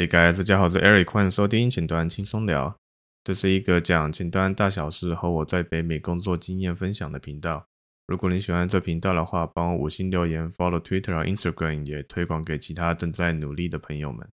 Hey guys，大家好，我是 Eric，歡迎收聽前端輕鬆聊。這是一個講前端大小事和我在北美工作經驗分享的頻道。如果你喜歡這頻道的話，幫我五星留言，follow Twitter 和 Instagram，也推廣給其他正在努力的朋友們。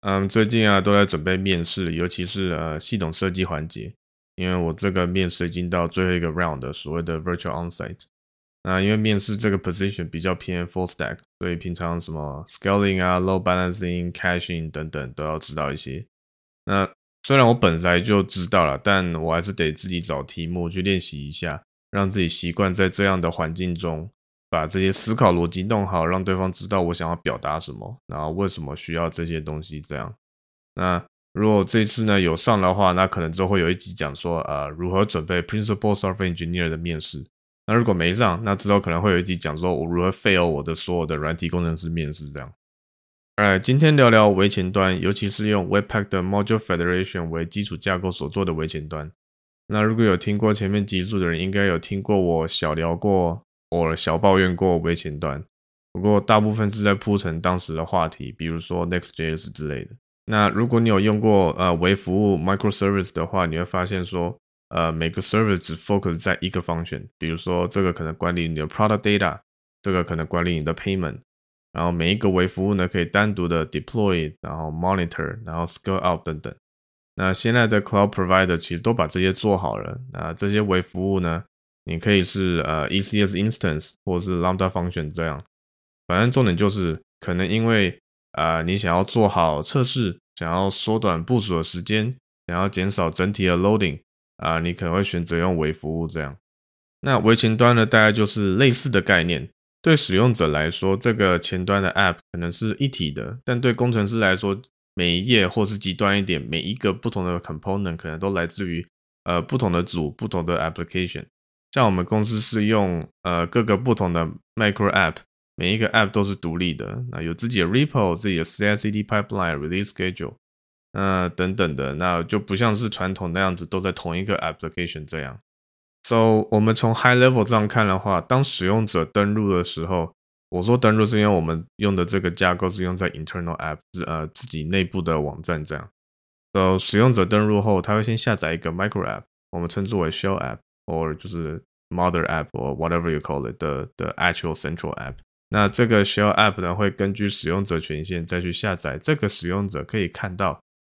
嗯，最近啊，都在準備面試，尤其是呃系統設計環節，因為我這個面試已經到最後一個 round，所謂的 virtual onsite。那因為面試這個 position 比較偏 full stack，所以平常什麼 scaling 啊、load balancing、caching 等等都要知道一些。那雖然我本來就知道了，但我還是得自己找題目去練習一下，讓自己習慣在這樣的環境中把這些思考邏輯弄好，讓對方知道我想要表達什麼，然後為什麼需要這些東西。這樣。那如果這次呢有上的話，那可能就會有一集講說，呃，如何準備 principal software engineer 的面試。那如果沒上，那之後可能會有一集講說，我如何 fail 我的所有的軟體工程師面試這樣。哎，今天聊聊微前端，尤其是用 Webpack 的 Module Federation 為基礎架構所做的微前端。那如果有聽過前面集數的人，應該有聽過我小聊過，或小抱怨過微前端。不過大部分是在鋪陳當時的話題，比如說 Next.js 之類的。那如果你有用過呃微服務 Microservice 的話，你會發現說。呃，每個 service 只 focus 在一個 function，比如說這個可能管理你的 product data，這個可能管理你的 payment，然後每一個微服務呢可以單獨的 deploy，然後 monitor，然後 scale out 等等。那現在的 cloud provider 其實都把這些做好了。那這些微服務呢，你可以是呃 ECS instance 或者是 Lambda function 這樣，反正重點就是可能因為啊、呃、你想要做好測試，想要縮短部署的時間，想要減少整體的 loading。啊，你可能會選擇用微服務這樣。那微前端呢，大概就是類似的概念。對使用者來說，這個前端的 App 可能是一體的，但對工程師來說，每一頁或是極端一點，每一個不同的 Component 可能都來自於呃不同的組、不同的 Application。像我們公司是用呃各個不同的 Micro App，每一個 App 都是獨立的，那、啊、有自己的 Repo、自己的 CI/CD Pipeline、Release Schedule。呃，等等的，那就不像是傳統那樣子都在同一個 application 這樣。So 我們從 high level 上看的話，當使用者登錄的時候，我說登錄是因為我們用的這個架構是用在 internal app，是呃自己內部的網站這樣。So 使用者登錄後，他會先下載一個 micro app，我們稱之為 shell app，or 就是 mother app，or whatever you call it，的的 the actual central app。那這個 shell app 呢，會根據使用者權限再去下載，這個使用者可以看到。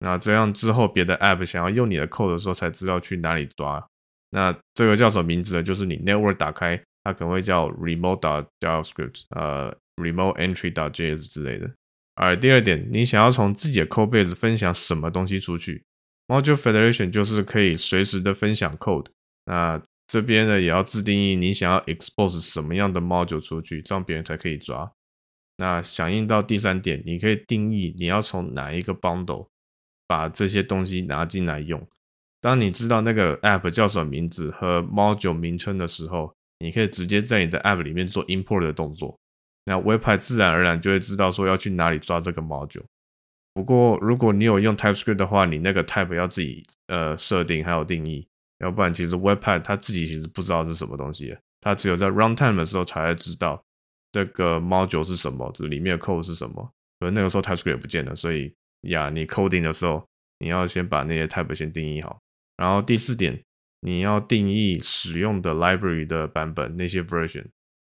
那這樣之後，別的 app 想要用你的 code 的時候，才知道去哪裡抓。那這個叫什麼名字呢？就是你 network 打開，它可能會叫 remote JavaScript，呃，remote entry js 之類的。而第二點，你想要從自己的 code base 分享什麼東西出去，module federation 就是可以隨時的分享 code。那這邊呢，也要自定義你想要 expose 什麼樣的 module 出去，這樣別人才可以抓。那響應到第三點，你可以定義你要從哪一個 bundle。把這些東西拿進來用。當你知道那個 app 叫什麼名字和 module 名稱的時候，你可以直接在你的 app 裡面做 import 的動作。那 Webpack 自然而然就會知道說要去哪裡抓這個 module。不過如果你有用 TypeScript 的話，你那個 type 要自己呃設定還有定義，要不然其實 Webpack 它自己其實不知道是什麼東西，它只有在 runtime 的時候才會知道這個 module 是什麼，這裡面的 code 是什麼。可是那個時候 TypeScript 也不見了，所以。呀，yeah, 你 coding 的時候，你要先把那些 type 先定義好。然後第四點，你要定義使用的 library 的版本，那些 version。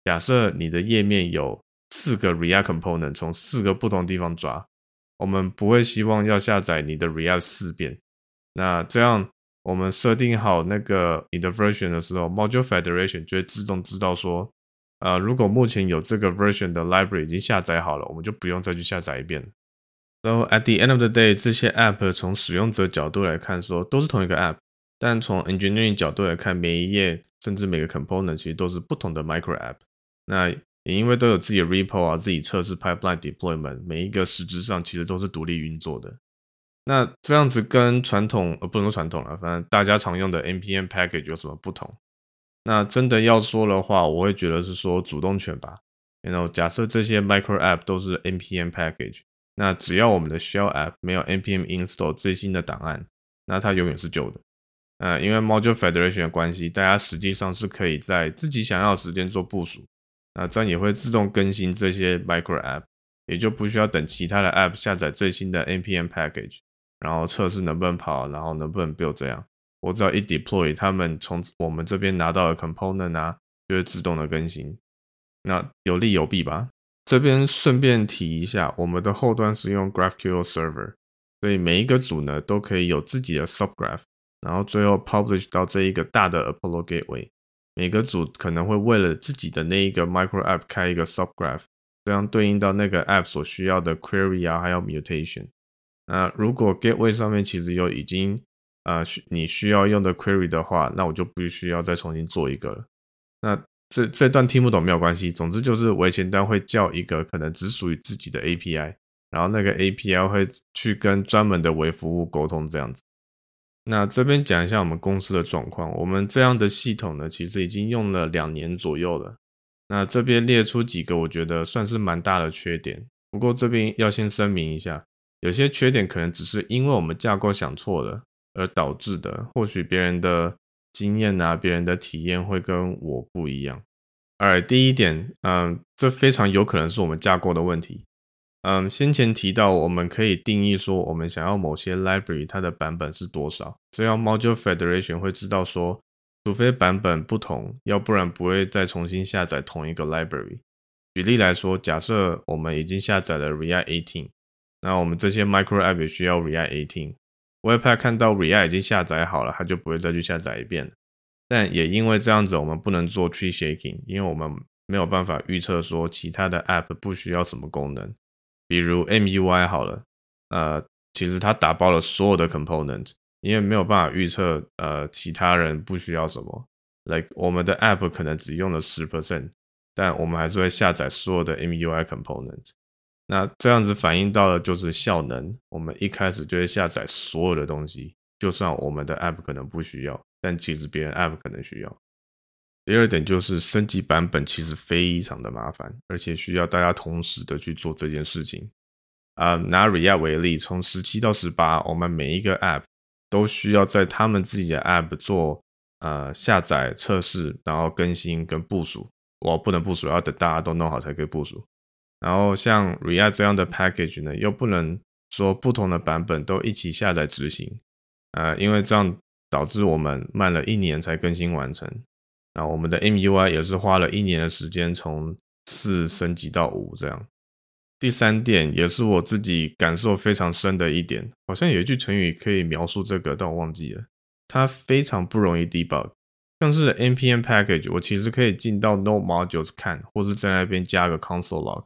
假設你的頁面有四個 React component，從四個不同地方抓，我們不會希望要下載你的 React 四遍。那這樣，我們設定好那個你的 version 的時候，Module Federation 就會自動知道說，呃，如果目前有這個 version 的 library 已經下載好了，我們就不用再去下載一遍。So at the end of the day，這些 app 從使用者角度來看說都是同一個 app，但從 engineering 角度來看，每一頁甚至每個 component 其實都是不同的 micro app。那也因為都有自己的 repo 啊，自己測試 pipeline deployment，每一個實質上其實都是獨立運作的。那這樣子跟傳統呃不能說傳統了，反正大家常用的 npm package 有什麼不同？那真的要說的話，我會覺得是說主動權吧。然後 you know, 假設這些 micro app 都是 npm package。那只要我們的 shell app 沒有 npm install 最新的檔案，那它永遠是舊的。呃，因為 module federation 的關係，大家實際上是可以在自己想要的時間做部署，那這樣也會自動更新這些 micro app，也就不需要等其他的 app 下載最新的 npm package，然後測試能不能跑，然後能不能 build 這樣。我只要一 deploy，他們從我們這邊拿到的 component 啊，就會是自動的更新。那有利有弊吧？這邊順便提一下，我們的後端是用 GraphQL Server，所以每一個組呢都可以有自己的 subgraph，然後最後 publish 到這一個大的 Apollo Gateway。每個組可能會為了自己的那一個 micro app 開一個 subgraph，這樣對應到那個 app 所需要的 query 啊，還有 mutation。那如果 Gateway 上面其實有已經啊需、呃、你需要用的 query 的話，那我就不需要再重新做一個了。那這這段聽不懂沒有關係，總之就是微前端會叫一個可能只屬於自己的 API，然後那個 API 會去跟專門的微服務溝通這樣子。那這邊講一下我們公司的狀況，我們這樣的系統呢，其實已經用了兩年左右了。那這邊列出幾個我覺得算是蠻大的缺點，不過這邊要先聲明一下，有些缺點可能只是因為我們架構想錯了而導致的，或許別人的。經驗啊，別人的體驗會跟我不一樣。而第一點，嗯，這非常有可能是我們架構的問題。嗯，先前提到，我們可以定義說，我們想要某些 library 它的版本是多少，這樣 Module Federation 會知道說，除非版本不同，要不然不會再重新下載同一個 library。舉例來說，假設我們已經下載了 React 18，那我們這些 micro app 也需要 React 18。Webpack 看到 React 已經下載好了，它就不會再去下載一遍了。但也因為這樣子，我們不能做 Tree Shaking，因為我們沒有辦法預測說其他的 App 不需要什麼功能，比如 MUI 好了，呃，其實它打包了所有的 Component，因為沒有辦法預測，呃，其他人不需要什麼，like 我們的 App 可能只用了十 percent，但我們還是會下載所有的 MUI Component。那這樣子反映到的就是效能，我們一開始就會下載所有的東西，就算我們的 app 可能不需要，但其實別人 app 可能需要。第二點就是升級版本其實非常的麻煩，而且需要大家同時的去做這件事情。啊、嗯，拿 React 為例，從十七到十八，我們每一個 app 都需要在他們自己的 app 做呃下載測試，然後更新跟部署。我不能部署，要等大家都弄好才可以部署。然後像 React 這樣的 package 呢，又不能說不同的版本都一起下載執行，呃，因為這樣導致我們慢了一年才更新完成。然後我們的 MUI 也是花了一年的時間從四升級到五這樣。第三點也是我自己感受非常深的一點，好像有一句成語可以描述這個，但我忘記了，它非常不容易 debug。像是 npm package，我其實可以進到 node modules 看，或是在那邊加個 console log。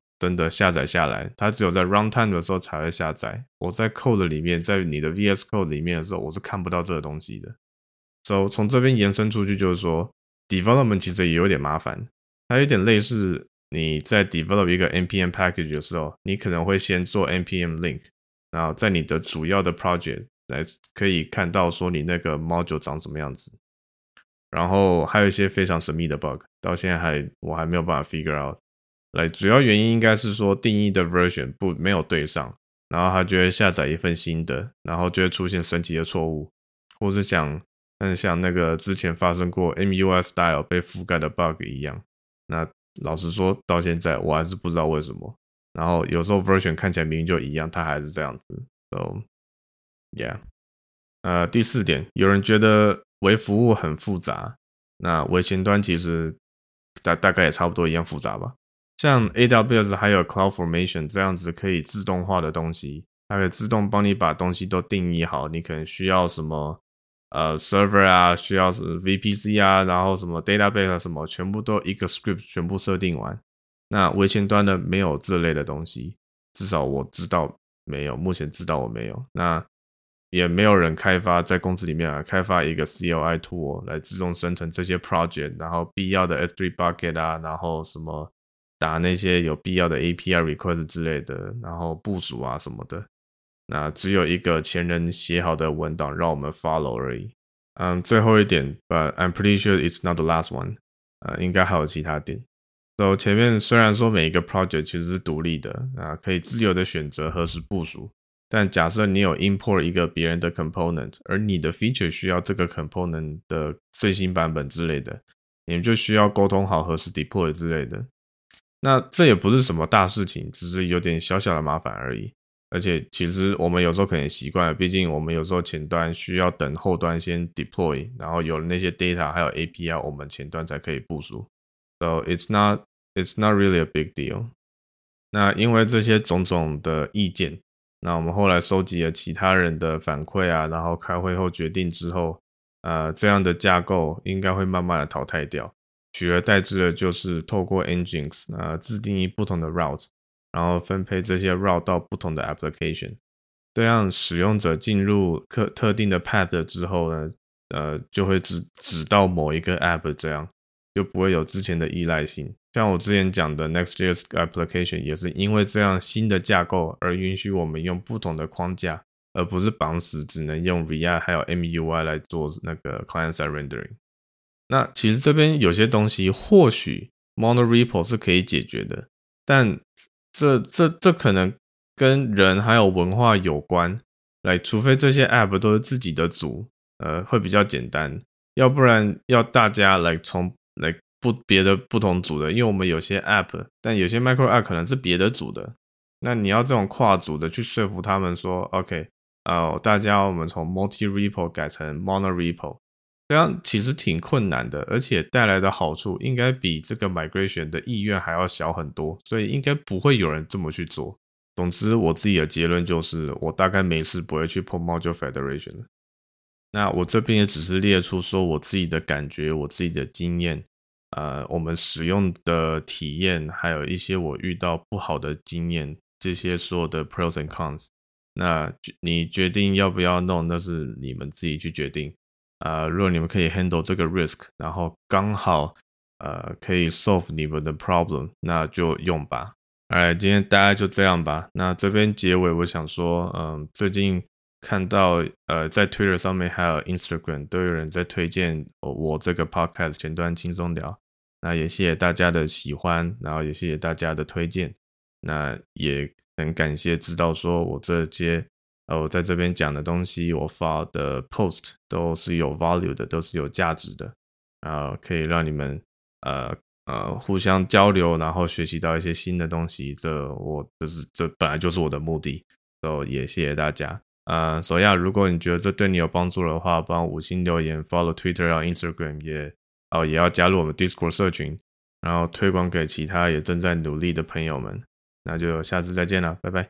真的下載下來，它只有在 runtime 的時候才會下載。我在 code 裡面，在你的 VS Code 裡面的時候，我是看不到這個東西的。所、so，從這邊延伸出去，就是說，development 其實也有點麻煩，它有點類似你在 develop 一個 npm package 的時候，你可能會先做 npm link，然後在你的主要的 project 來可以看到說你那個 module 長什麼樣子。然後還有一些非常神秘的 bug，到現在還我還沒有辦法 figure out。來，主要原因應該是說，定義的 version 不沒有對上，然後它就會下載一份新的，然後就會出現神奇的錯誤，或是像嗯像那個之前發生過 MUI style 被覆蓋的 bug 一樣。那老實說，到現在我還是不知道為什麼。然後有時候 version 看起來明明就一樣，它還是這樣子。So yeah，呃，第四點，有人覺得微服務很複雜，那微前端其實大大概也差不多一樣複雜吧。像 AWS 還有 CloudFormation 這樣子可以自動化的東西，它可以自動幫你把東西都定義好。你可能需要什麼呃 Server 啊，需要什麼 VPC 啊，然後什麼 Database 啊，什麼，全部都一個 Script 全部設定完。那微前端呢，沒有這類的東西，至少我知道沒有，目前知道我沒有。那也沒有人開發在公司裡面啊，開發一個 CLI Tool 來自動生成這些 Project，然後必要的 S3 Bucket 啊，然後什麼。打那些有必要的 API request 之類的，然後部署啊什麼的，那只有一個前人寫好的文檔讓我們 follow 而已。嗯，最後一點，But I'm pretty sure it's not the last one。嗯，呃，應該還有其他點。So 前面雖然說每一個 project 其實是獨立的，啊，可以自由的選擇何時部署，但假設你有 import 一個別人的 component，而你的 feature 需要這個 component 的最新版本之類的，你們就需要溝通好何時 deploy 之類的。那這也不是什麼大事情，只是有點小小的麻煩而已。而且其實我們有時候可能也習慣了，畢竟我們有時候前端需要等後端先 deploy，然後有了那些 data 還有 API，我們前端才可以部署。So it's not it's not really a big deal。那因為這些種種的意見，那我們後來收集了其他人的反饋啊，然後開會後決定之後，呃，這樣的架構應該會慢慢的淘汰掉。取而代之的就是透過 NGINX 呃，自定義不同的 route，然後分配這些 route 到不同的 application。這樣使用者進入特特定的 path 之後呢，呃，就會指指到某一個 app，這樣就不會有之前的依賴性。像我之前講的 Next.js application 也是因為這樣新的架構而允許我們用不同的框架，而不是綁死只能用 React 還有 MUI 來做那個 client side rendering。那其實這邊有些東西或，或許 Mono Repo 是可以解決的，但這這這可能跟人還有文化有關。來，除非這些 App 都是自己的組，呃，會比較簡單；要不然要大家來從來不別的不同組的，因為我們有些 App，但有些 Micro App 可能是別的組的。那你要這種跨組的去說服他們說 OK，呃、哦，大家我們從 Multi Repo 改成 Mono Repo。Re po, 這樣其實挺困難的，而且帶來的好處應該比這個 migration 的意願還要小很多，所以應該不會有人這麼去做。總之，我自己的結論就是，我大概沒事不會去碰 Module Federation。那我這邊也只是列出說我自己的感覺、我自己的經驗、呃，我們使用的體驗，還有一些我遇到不好的經驗，這些所有的 pros and cons。那你決定要不要弄，那是你們自己去決定。啊、呃，如果你們可以 handle 這個 risk，然後剛好呃可以 solve 你們的 problem，那就用吧。哎，今天大家就這樣吧。那這邊結尾我想說，嗯，最近看到呃在 Twitter 上面還有 Instagram 都有人在推薦我這個 podcast 前端輕鬆談。那也謝謝大家的喜歡，然後也謝謝大家的推薦，那也很感謝知道說我這些。我、哦、在這邊講的東西，我發的 post 都是有 value 的，都是有價值的，然後可以讓你們呃呃互相交流，然後學習到一些新的東西。這我就是這本來就是我的目的。然、so, 後也謝謝大家。嗯，所以如果你覺得這對你有幫助的話，幫五星留言，follow Twitter 然後 Instagram 也哦也要加入我們 Discord 社群，然後推廣給其他也正在努力的朋友們。那就下次再見了，拜拜。